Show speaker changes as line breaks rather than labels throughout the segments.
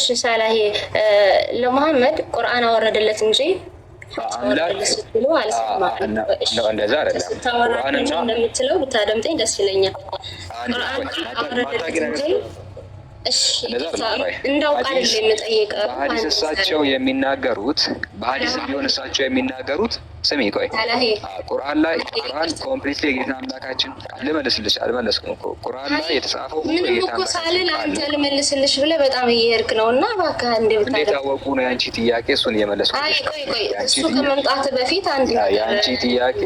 እሺ ሳላሄ ለመሐመድ ቁርአን አወረደለት እንጂ እንደዛ እንደምትለው ብታደምጠኝ ደስ ይለኛል። ቁርአን አወረደለት እንጂ
በሀዲስ እሳቸው የሚናገሩት በሀዲስ ቢሆን እሳቸው የሚናገሩት ስሚ ቆይ ቁርአን ላይ ቁርአን ኮምፕሊት የጌታ አምላካችን ልመልስልሽ አልመለስኩም እኮ ቁርአን ላይ የተጻፈው ምንም እኮ
ሳልል አንተ ልመልስልሽ ብለህ በጣም እየሄድክ ነው እና እባክህ እንደ
ብታደርግ እንደታወቁ ነው የአንቺ ጥያቄ እሱን እየመለስኩልሽ
እሱ ከመምጣት በፊት አንድ
የአንቺ ጥያቄ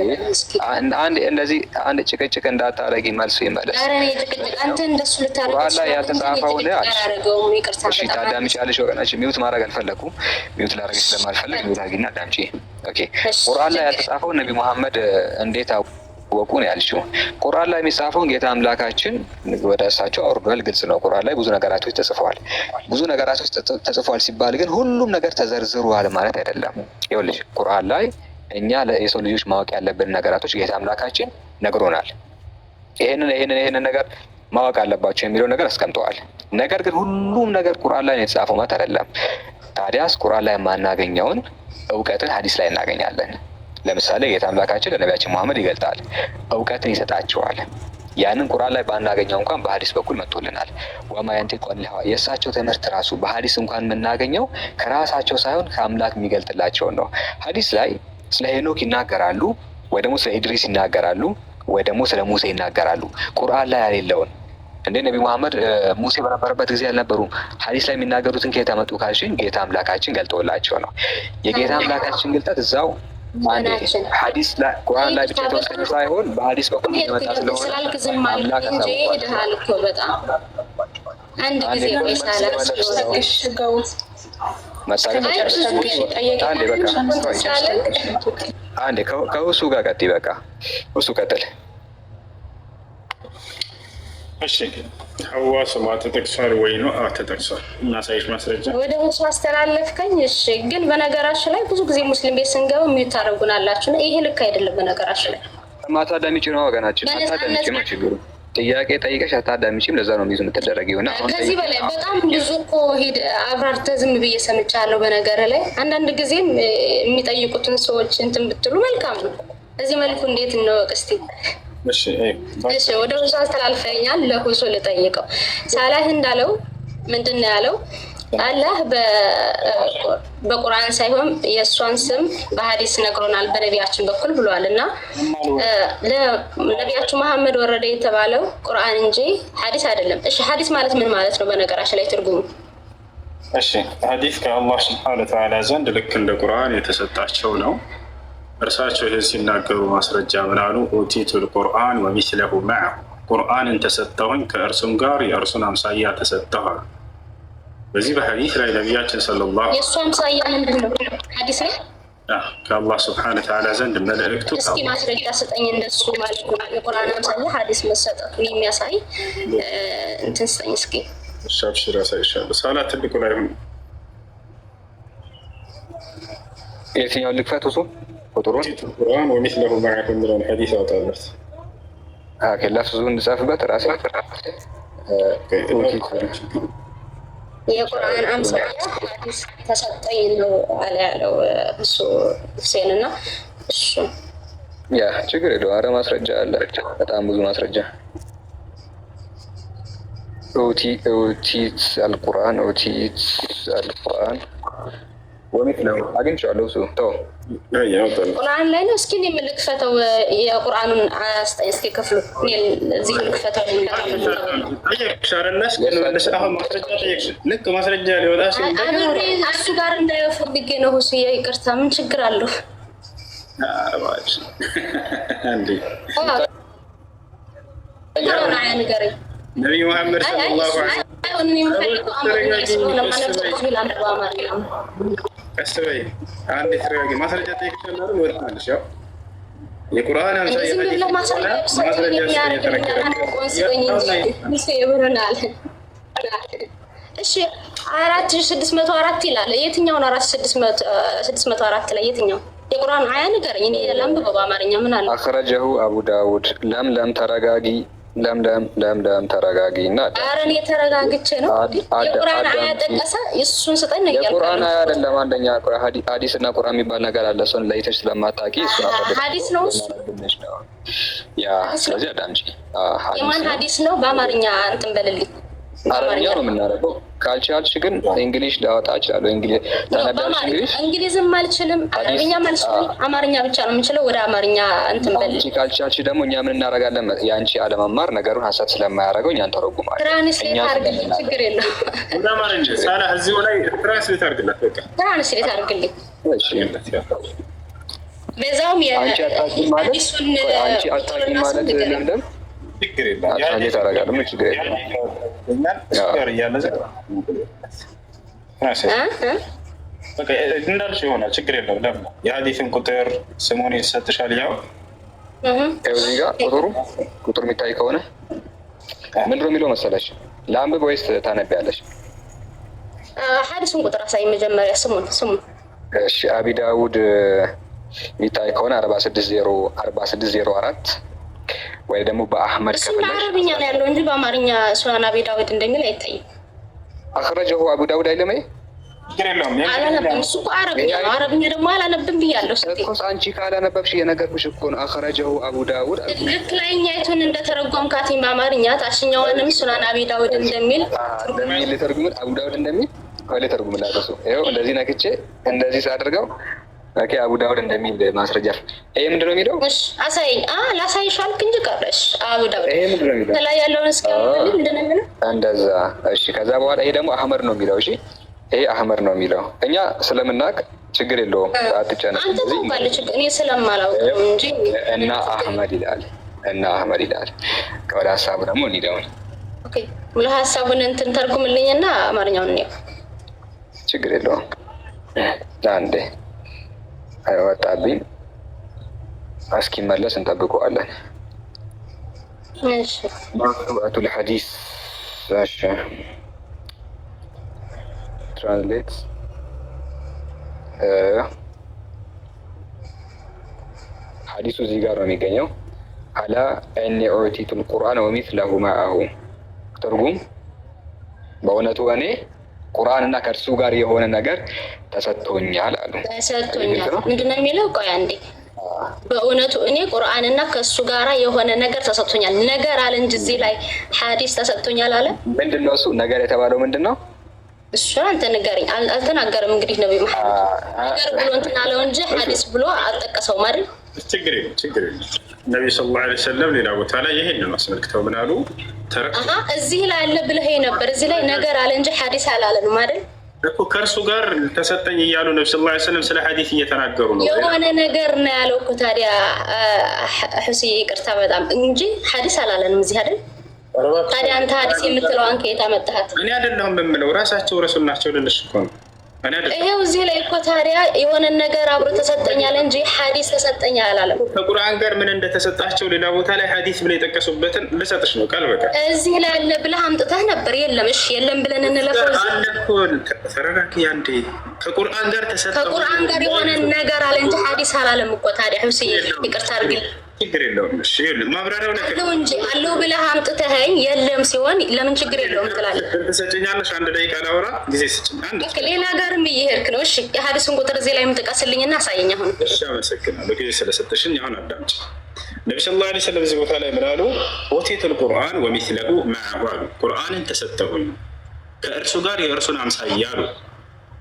አንድ እንደዚህ አንድ ጭቅጭቅ እንዳታረጊ መልሱ ይመለስ
አንተ እንደሱ ልታደርግ
ቁርአን ላይ ያልተጻፈውን ታዳምጪያለሽ ወገናችን ሚውት ማድረግ አልፈለኩም ሚውት ላደረገች ስለማልፈልግ ሚውት አድርጊና አዳምጪ ቁርአን ላይ ያልተጻፈው ነቢ መሐመድ እንዴት አወቁ ነው ያልችው። ቁርአን ላይ የሚጻፈውን ጌታ አምላካችን ወደ እሳቸው አውርዷል። ግልጽ ነው። ቁርአን ላይ ብዙ ነገራቶች ተጽፈዋል። ብዙ ነገራቶች ተጽፈዋል ሲባል ግን ሁሉም ነገር ተዘርዝሯል ማለት አይደለም። ይኸውልሽ ቁርአን ላይ እኛ የሰው ልጆች ማወቅ ያለብን ነገራቶች ጌታ አምላካችን ነግሮናል። ይህንን ይህንን ይህንን ነገር ማወቅ አለባቸው የሚለው ነገር አስቀምጠዋል። ነገር ግን ሁሉም ነገር ቁርአን ላይ ነው የተጻፈው ማለት አይደለም። ታዲያስ ቁርአን ላይ የማናገኘውን እውቀትን ሀዲስ ላይ እናገኛለን። ለምሳሌ ጌታ አምላካችን ለነቢያችን መሐመድ ይገልጣል፣ እውቀትን ይሰጣቸዋል። ያንን ቁርአን ላይ ባናገኘው እንኳን በሀዲስ በኩል መጥቶልናል። ወማ የንቲቁ ሀዋ የእሳቸው ትምህርት ራሱ በሀዲስ እንኳን የምናገኘው ከራሳቸው ሳይሆን ከአምላክ የሚገልጥላቸውን ነው። ሀዲስ ላይ ስለ ሄኖክ ይናገራሉ፣ ወይ ደግሞ ስለ ኢድሪስ ይናገራሉ፣ ወይ ደግሞ ስለ ሙሴ ይናገራሉ። ቁርአን ላይ ያሌለውን እንዴ ነቢ መሐመድ ሙሴ በነበረበት ጊዜ አልነበሩም። ሀዲስ ላይ የሚናገሩትን ከየት አመጡ ካልሽኝ ጌታ አምላካችን ገልጦላቸው ነው። የጌታ አምላካችን ግልጠት እዛው ሀዲስ ላይ ቁርአን ላይ ብቻ የተወሰነ ሳይሆን በሀዲስ በኩል የመጣ
ስለሆነ ጋር
ቀጥ ይበቃ እሱ ቀጥል እሺ ሐዋ ስሟ ተጠቅሷል ወይ ነው? አዎ ተጠቅሷል። እናሳይሽ ማስረጃ
ወደ ሙስ አስተላለፍከኝ። እሺ ግን በነገራችን ላይ ብዙ ጊዜ ሙስሊም ቤት ስንገባ የሚዩት ታደርጉናላችሁ። ይሄ ልክ አይደለም። በነገራችን ላይ
ማታዳሚጭ ነው ወገናችን፣ አታዳሚጭ ነው ችግሩ። ጥያቄ ጠይቀሽ አታዳሚጭም። ለዛ ነው ሚዙ የምትደረግ ይሆና
ከዚህ በላይ በጣም ብዙ እኮ ሂድ አብራርተህ ዝም ብዬ ሰምቻለሁ። በነገር ላይ አንዳንድ ጊዜም የሚጠይቁትን ሰዎች እንትን ብትሉ መልካም ነው። በዚህ መልኩ እንዴት እንወቅ እስቲ እሺ ወደ ሁሱ አስተላልፈኛል። ለሁሱ ልጠይቀው ሳላህ እንዳለው ምንድን ነው ያለው? አላህ በቁርአን ሳይሆን የእሷን ስም በሀዲስ ነግሮናል በነቢያችን በኩል ብሏል። እና ለነቢያችሁ መሐመድ ወረደ የተባለው ቁርአን እንጂ ሀዲስ አይደለም። እሺ ሀዲስ ማለት ምን ማለት ነው? በነገራችን ላይ ትርጉሙ
እሺ ሀዲስ ከአላህ ስብሐነ ወተዓላ ዘንድ ልክ እንደ ቁርአን የተሰጣቸው ነው። እርሳቸው ይህን ሲናገሩ ማስረጃ ምናሉ ኡቲቱ ልቁርአን ወሚስለሁ መዐሁ ቁርአንን ተሰጠሁኝ ከእርሱም ጋር የእርሱን አምሳያ ተሰጠኋል። በዚህ በሐዲስ ላይ ነቢያችን ሰለላሁ
የእሱ አምሳያ ምንድን ነው? ሐዲስ ላይ
ከአላህ ስብሐነ ተዓላ ዘንድ መልእክቱ
እስኪ ማስረጃ ስጠኝ እንደሱ ማለት ነው። የቁርአን አምሳያ ሐዲስ መሰጠቱ የሚያሳይ እንትን ስጠኝ እስኪ።
ሻብሽር ያሳይሻለሁ። ሰላት ትልቁ ላይ ሆነ የትኛውን ልክፈት እሱ ቁጥሩን ወሚስለሁ መዓሁ የሚለውን ሐዲስ አወጣለት ለሱ እንድጻፍበት ራሴ
የቁርአን አምሳያ ተሰጠኝ ነው አለ ያለው እሱ ሁሴን እና እሱ
ያ ችግር የለውም። አረ ማስረጃ አለ፣ በጣም ብዙ ማስረጃ ኦቲት አልቁርአን ኦቲት አልቁርአን ወሚት ነው አግኝቼዋለሁ። እሱ ተው
ቁርአን ላይ ነው። እስኪ እኔም ልክፈተው የቁርአኑን አስጠኝ እስኪ ክፍሉ እዚህ ልክፈተው። ማስረጃ ሊወጣ እሱ ጋር እንዳየው ፈልጌ ነው። ሁስዬ ይቅርታ፣ ምን ችግር አለው።
ነቢይ መሐመድ ሰለላሁ
ዐለይሂ ወሰለም
ቀስ በይ አንዴ ተረጋጊ። ማስረጃ ጠይቅሻለሁ ወጥታለሽ። ያው የቁርአን
እሺ አራት ስድስት መቶ አራት ይላል። የትኛው ነው አራት ስድስት መቶ አራት ላይ የትኛው የቁርአን አያ ንገረኝ። እኔ ለምብ በአማርኛ ምን
አለ? አክረጀሁ አቡ ዳውድ ለምለም ተረጋጊ ለምለም ለምለም ተረጋጊ እና
አረን የተረጋግቼ ነው። የቁርአን አያ ጠቀሰ እሱን ስጠን ነገር
የቁርአን አያ አይደለም። አንደኛ ሀዲስ እና ቁርአን የሚባል ነገር አለ። እሱን ለይተሽ ስለማታውቂ እሱን
ሀዲስ ነው እሱ
ያ። ስለዚህ አዳምጪ።
የማን ሀዲስ ነው? በአማርኛ እንትን በልልኝ
አረብኛ ነው የምናደርገው። ካልቻልሽ ግን እንግሊሽ ላወጣ እችላለሁ።
ተነዳሽ እንግሊሽ እንግሊዝም አልችልም፣ አረብኛም አልችልም። አማርኛ ብቻ ነው የምችለው። ወደ አማርኛ እንትን በል።
ካልቻልሽ ደግሞ እኛ ምን እናደርጋለን? የአንቺ አለመማር ነገሩን ሀሳብ ስለማያደርገው እኛ እንተረጉማለን።
ትራንስሌት አድርግልኝ፣ ችግር የለውም።
እዚሁ ላይ ትራንስሌት አድርግላት፣ በቃ
ትራንስሌት አድርግልኝ በዛውም
የአዲሱን ማለት ችግር የለም። ትራንስሌት አደርጋለሁ፣ ችግር የለም። እንዳልሽ የሆነ ችግር የለም። ለምን የሀዲትን ቁጥር ስሙን ይሰጥሻል። ያው ከዚህ ጋር ቁጥሩ ቁጥር የሚታይ ከሆነ ምንድን ነው የሚለው መሰለሽ? ለአንብብ ወይስ ታነቢያለሽ?
ሀዲሱን ቁጥር አሳይ መጀመሪያ ስሙን ስሙን።
እሺ አቢ ዳውድ የሚታይ ከሆነ አርባ ስድስት ዜሮ አርባ ስድስት ዜሮ አራት ወይ ደግሞ በአህመድ
ከፈለግሽ በአረብኛ ነው ያለው እንጂ በአማርኛ ሱናን አቢ ዳውድ እንደሚል አይታይም።
አክረጀሁ አቡ ዳውድ አይለም
አላነብም። እሱ እኮ አረብኛ ነው። አረብኛ ደግሞ አላነብም ብያለሁ።
ስኮስ አንቺ ካላነበብሽ የነገርኩሽ እኮ ነው። አክረጀሁ አቡ ዳውድ
ትክክለኛይቱን እንደተረጎምካት በአማርኛ ታችኛዋንም ሱናን አቢ ዳውድ እንደሚል
እንደሚል ሊተርጉምን አቡ ዳውድ እንደሚል ሊተርጉምላለ ሰው እንደዚህ ነክቼ እንደዚህ ሳደርገው ኦኬ አቡ ዳውድ እንደሚል ማስረጃ ይሄ ምንድን ነው የሚለው?
አሳይ ላሳይሽ አልክ እንጂ ቀረሽ። አቡ ዳውድ ላይ ያለውን እስኪ ምንድን ነው የሚለው? እንደዛ
እሺ። ከዛ በኋላ ይሄ ደግሞ አህመድ ነው የሚለው። እሺ ይሄ አህመድ ነው የሚለው። እኛ ስለምናቅ ችግር የለውም
አትጨነቅ። አንተ ታውቃለህ፣ እኔ ስለማላውቅ
እንጂ እና አህመድ ይላል እና አህመድ ይላል። ወደ ሀሳቡ ደግሞ እንሂደውን
ለሀሳቡን እንትን ተርጉምልኝና አማርኛውን
ችግር የለውም አንዴ አይወጣብኝ እስኪመለስ እንጠብቀዋለን። ማክቱባቱል ሐዲስ ትራንስሌት ሐዲሱ እዚህ ጋር ነው የሚገኘው። አላ እኒ ኡዕቲቱል ቁርአን ወሚስለሁ መዐሁ። ትርጉም በእውነቱ እኔ ቁርአንና ከእርሱ ጋር የሆነ ነገር ተሰጥቶኛል አሉ።
ተሰጥቶኛል ምንድነው የሚለው? ቆይ አንዴ በእውነቱ እኔ ቁርአንና ከእሱ ጋራ የሆነ ነገር ተሰጥቶኛል ነገር አለ እንጂ እዚህ ላይ ሀዲስ ተሰጥቶኛል አለ።
ምንድነው እሱ ነገር የተባለው ምንድን ነው?
እሱ አንተ ንገረኝ። አልተናገርም እንግዲህ ነቢ መሐመድ ነገር ብሎ እንትን አለው እንጂ ሀዲስ ብሎ አልጠቀሰውም አይደል?
ችግር የለም ችግር የለም። ነቢ ስለ ላ ሰለም ሌላ ቦታ ላይ ይሄን ነው አስመልክተው ምን አሉ?
እዚህ ላይ አለ ብለህ ነበር። እዚህ ላይ ነገር አለ እንጂ ሀዲስ አላለን አይደል?
እኮ ከእርሱ ጋር ተሰጠኝ እያሉ ነብ ላ ስለም ስለ ሀዲት እየተናገሩ ነው።
የሆነ ነገር ነው ያለው እኮ ታዲያ ሑሲ ይቅርታ በጣም እንጂ ሀዲስ አላለንም እዚህ አይደል? ታዲያ አንተ ሀዲስ የምትለው አንከ የታመጣሃት
እኔ አይደለሁም የምለው ራሳቸው ረሱል ናቸው ልልሽ እኮ ነው
ይኸው እዚህ ላይ እኮ ታዲያ የሆነን ነገር አብሮ ተሰጠኛል እንጂ ሀዲስ ተሰጠኛል አላለም።
ከቁርአን ጋር ምን እንደተሰጣቸው ሌላ ቦታ ላይ ሀዲስ ብለ የጠቀሱበትን ልሰጥሽ ነው ቃል በቃ
እዚህ ላይ አለ ብለህ አምጥተህ ነበር። የለም እሺ፣ የለም ብለን
እንለፈው። ተረጋጊ አንዴ። ከቁርአን ጋር ተሰጠ
ከቁርአን ጋር የሆነን ነገር አለ እንጂ ሀዲስ አላለም እኮ ታዲያ። ሁሴ ይቅርታ አድርግልኝ
ችግር የለውም። ማብራሪያው
እንጂ አለው ብለህ አምጥተኸኝ የለም ሲሆን ለምን ችግር የለውም ትላለህ።
ትሰጭኛለሽ አንድ ደቂቃ ላውራ ጊዜ ስጭኝ።
ሌላ ጋርም እየሄድክ ነው። እሺ የሀዲሱን ቁጥር እዚህ ላይ የምጠቀስልኝና አሳየኝ። አሁን
አመሰግናለሁ ጊዜ ስለሰጠሽኝ። አሁን አዳምጪ። ነቢ ስ ላ ስለም እዚህ ቦታ ላይ ምናሉ ኦቴቱል ቁርአን ወሚስለሁ ማሁ አሉ ቁርአንን ተሰጠሁኝ ከእርሱ ጋር የእርሱን አምሳያ አሉ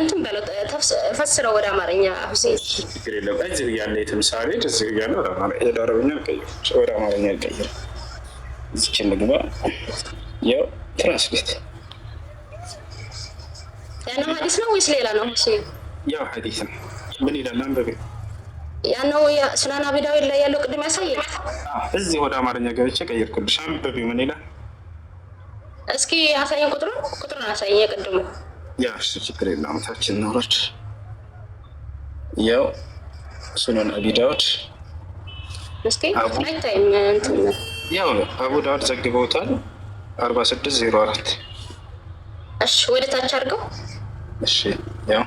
እንትን በለው ፈስረው ወደ አማርኛ ሁሴን
ችግር የለም። እዚህ እያለ የትምሳሌ እዚህ እያለ ወደ አረብኛ አልቀይርም፣ ወደ አማርኛ አልቀይርም። እዚች ያው ትራንስሌት
ሀዲስ ነው ወይስ ሌላ ነው? ሁሴን
ያው ሀዲስ ነው። ምን ይላል
ያነው ሱናን አቢ ዳዊድ ላይ ያለው ቅድም ያሳየ
እዚህ ወደ አማርኛ ገብቼ ቀይርኩልሽ። ምን ይላል
እስኪ አሳየን። ቁጥሩን ቁጥሩን አሳየን የቅድሙ
ያው እሱ ችግር የለም። ታችን እናውራች። ያው ሱነን አቢ ዳውድ ያው አቡ ዳውድ ዘግበውታል። አርባ ስድስት ዜሮ አራት
እሺ፣ ወደ ታች አድርገው።
እሺ፣ ያው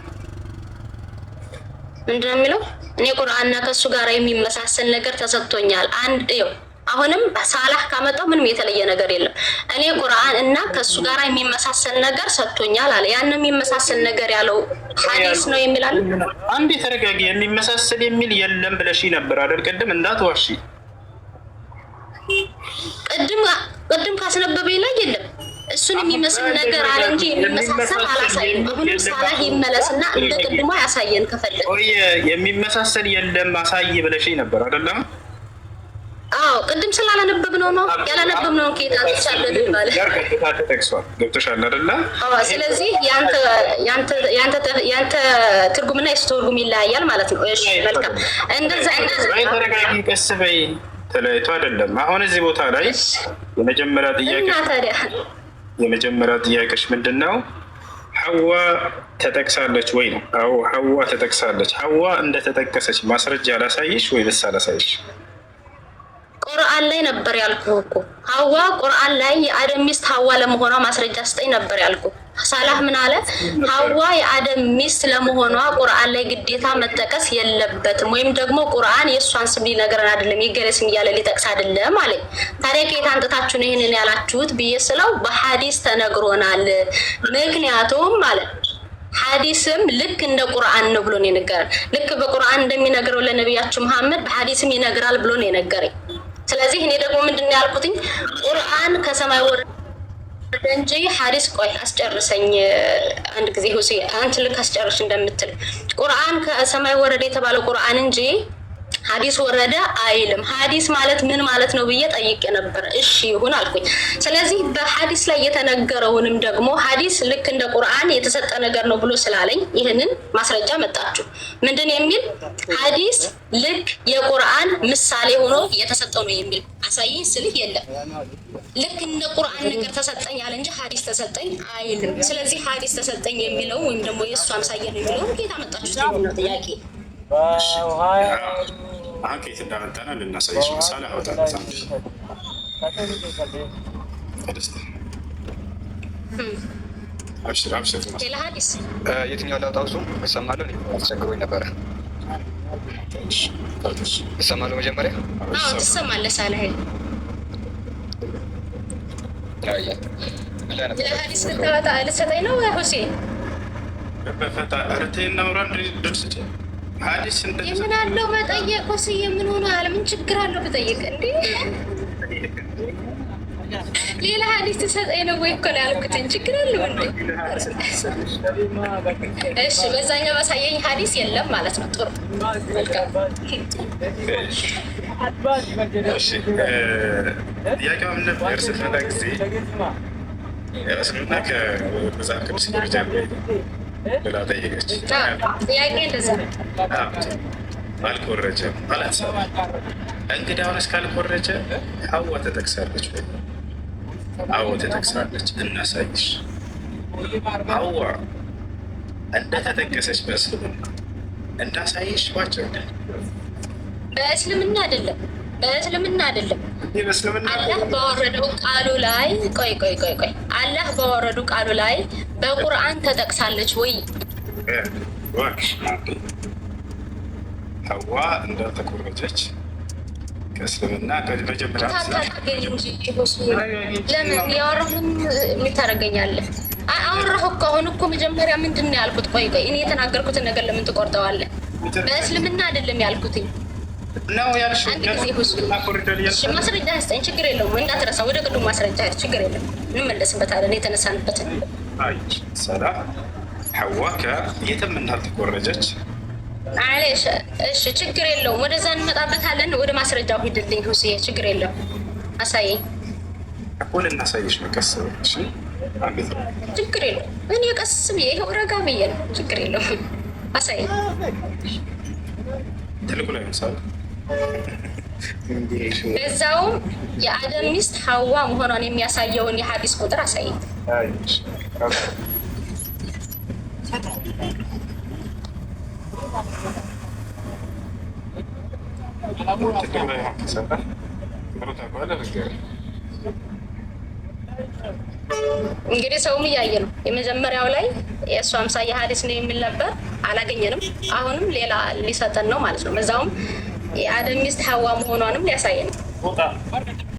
ምንድነው የሚለው? እኔ ቁርአንና ከእሱ ጋር የሚመሳሰል ነገር ተሰጥቶኛል። አንድ ይኸው አሁንም ሳላህ ካመጣው ምንም የተለየ ነገር የለም። እኔ ቁርአን እና ከእሱ ጋር የሚመሳሰል ነገር ሰጥቶኛል አለ። ያን የሚመሳሰል ነገር ያለው ሀዲስ ነው የሚላል።
አንዴ ተረጋጊ። የሚመሳሰል የሚል የለም ብለሽ ነበር አይደል? ቅድም እንዳትዋሺ።
ቅድም ቅድም ካስነበበኝ ላይ የለም እሱን የሚመስል ነገር አለ እንጂ የሚመሳሰል አላሳየም። አሁንም ሳላህ ይመለስና እንደ ቅድሞ ያሳየን ከፈለግ
የሚመሳሰል የለም አሳይ ብለሽ ነበር አይደለም?
አዎ ቅድም ስላላነበብነው ነው ነው ጌታ ነው ስለዚህ ያንተ ትርጉምና የሱ ትርጉም ይለያያል ማለት ነው። እሺ መልካም። እንደዛ
እንደዛ ተለያይቶ አይደለም። አሁን እዚህ ቦታ ላይ የመጀመሪያ ጥያቄ የመጀመሪያ ጥያቄሽ ምንድን ነው? ሐዋ ተጠቅሳለች ወይ ነው? አዎ ሐዋ ተጠቅሳለች። ሐዋ እንደተጠቀሰች ማስረጃ አላሳይሽ ወይ? ልስ አላሳይሽ
ቁርአን ላይ ነበር ያልኩ እኮ ሀዋ ቁርአን ላይ የአደም ሚስት ሀዋ ለመሆኗ ማስረጃ ስጠኝ ነበር ያልኩ። ሳላህ ምን አለ? ሀዋ የአደም ሚስት ለመሆኗ ቁርአን ላይ ግዴታ መጠቀስ የለበትም ወይም ደግሞ ቁርአን የእሷን ስም ሊነግረን አይደለም ይገለስም እያለ ሊጠቅስ አይደለም አለ። ታዲያ ከየት አንጥታችሁ ነው ይህንን ያላችሁት ብዬ ስለው በሀዲስ ተነግሮናል። ምክንያቱም አለ ሀዲስም ልክ እንደ ቁርአን ነው ብሎን የነገረን። ልክ በቁርአን እንደሚነግረው ለነቢያችሁ መሐመድ በሀዲስም ይነግራል ብሎ የነገረኝ። ስለዚህ እኔ ደግሞ ምንድን ነው ያልኩትኝ ቁርአን ከሰማይ ወረደ እንጂ ሀዲስ ቆይ አስጨርሰኝ አንድ ጊዜ ሁሴ አንት ልክ አስጨርሽ እንደምትል ቁርአን ከሰማይ ወረደ የተባለው ቁርአን እንጂ ሀዲስ ወረደ አይልም። ሀዲስ ማለት ምን ማለት ነው ብዬ ጠይቄ ነበር። እሺ ይሁን አልኩኝ። ስለዚህ በሀዲስ ላይ የተነገረውንም ደግሞ ሀዲስ ልክ እንደ ቁርአን የተሰጠ ነገር ነው ብሎ ስላለኝ ይህንን ማስረጃ መጣችሁ ምንድን የሚል ሀዲስ ልክ የቁርአን ምሳሌ ሆኖ የተሰጠ ነው የሚል አሳይኝ ስልህ የለም። ልክ እንደ ቁርአን ነገር ተሰጠኝ አለ እንጂ ሀዲስ ተሰጠኝ አይልም። ስለዚህ ሀዲስ ተሰጠኝ የሚለው ወይም ደግሞ የእሱ አምሳየ ነው የሚለው ጌታ መጣችሁ ነው ጥያቄ
ከየት እንዳመጣና ልናሳይሽ ምሳሌ አወጣለሁ። የትኛው ላውጣው? እሱ እሰማለሁ። አስቸግሮኝ ነበረ። እሰማለሁ መጀመሪያ
ትሰማለህ። ሳለ ለሀዲስ ልሰጠኝ ነው ሁሴን የምን አለው መጠየቅ ስ የምን ሆነ አለ ምን ችግር አለው ብጠይቅ እንዴ ሌላ ሀዲስ ትሰጠኝ ነው ወይ እኮ ነው ያልኩትን ችግር አለው እንዴ እሺ በዛኛው ባሳየኝ ሀዲስ የለም ማለት ነው ጥሩ
ጥያቄው ምን ነበር ስንፈታ ጊዜ እስልምና ከመጽሐፍ ቅዱስ ጀምሮ ብላ ጠየቀች። አልኮረጀም አላት። እንግዲያውን እስካልኮረጀ ሐዋ ተጠቅሳለች ወይ? ሐዋ ተጠቅሳለች። እናሳይሽ። ሐዋ እንደተጠቀሰች በእስልምና እንዳሳይሽ ባቸው
በእስልምና አይደለም በእስልምና አይደለም። አላህ በወረደው ቃሉ ላይ ቆይ ቆይ ቆይ ቆይ አላህ በወረዱ ቃሉ ላይ በቁርአን ተጠቅሳለች ወይ?
ሐዋ እንዳልተቆረጀች ከእስልምና መጀመሪያ ታታገኝ እንጂ ለምን ያወራሁን የምታደርገኛለህ? አወራሁ ከሆን እኮ መጀመሪያ ምንድን ነው ያልኩት? ቆይ ቆይ እኔ የተናገርኩትን ነገር ለምን ትቆርጠዋለህ? በእስልምና አይደለም ያልኩትኝ ማስረጃ ስጠኝ፣ ችግር የለውም እንዳትረሳ። ወደ ቅዱ ማስረጃ ችግር የለም እንመለስበታለን። የተነሳንበትን ሐዋከ የትም እሺ ችግር የለውም ወደዛ እንመጣበታለን። ወደ ማስረጃው ሂድልኝ ሁስዬ፣ ችግር የለውም አሳየኝ። ሁን እናሳየሽ መቀሰበች ችግር የለውም እኔ ቀስ ብዬ ይኸው ረጋ ብዬ ነው። ችግር የለውም አሳይ ትልቁ ላይ ምሳሌ በዛውም የአደም ሚስት ሀዋ መሆኗን የሚያሳየውን የሀዲስ ቁጥር አሳይት። እንግዲህ ሰውም እያየ ነው። የመጀመሪያው ላይ የእሱ አምሳያ ሀዲስ ነው የሚል ነበር፣ አላገኘንም። አሁንም ሌላ ሊሰጠን ነው ማለት ነው። በዛውም የአደም ሚስት ሀዋ መሆኗንም ሊያሳይ ነው።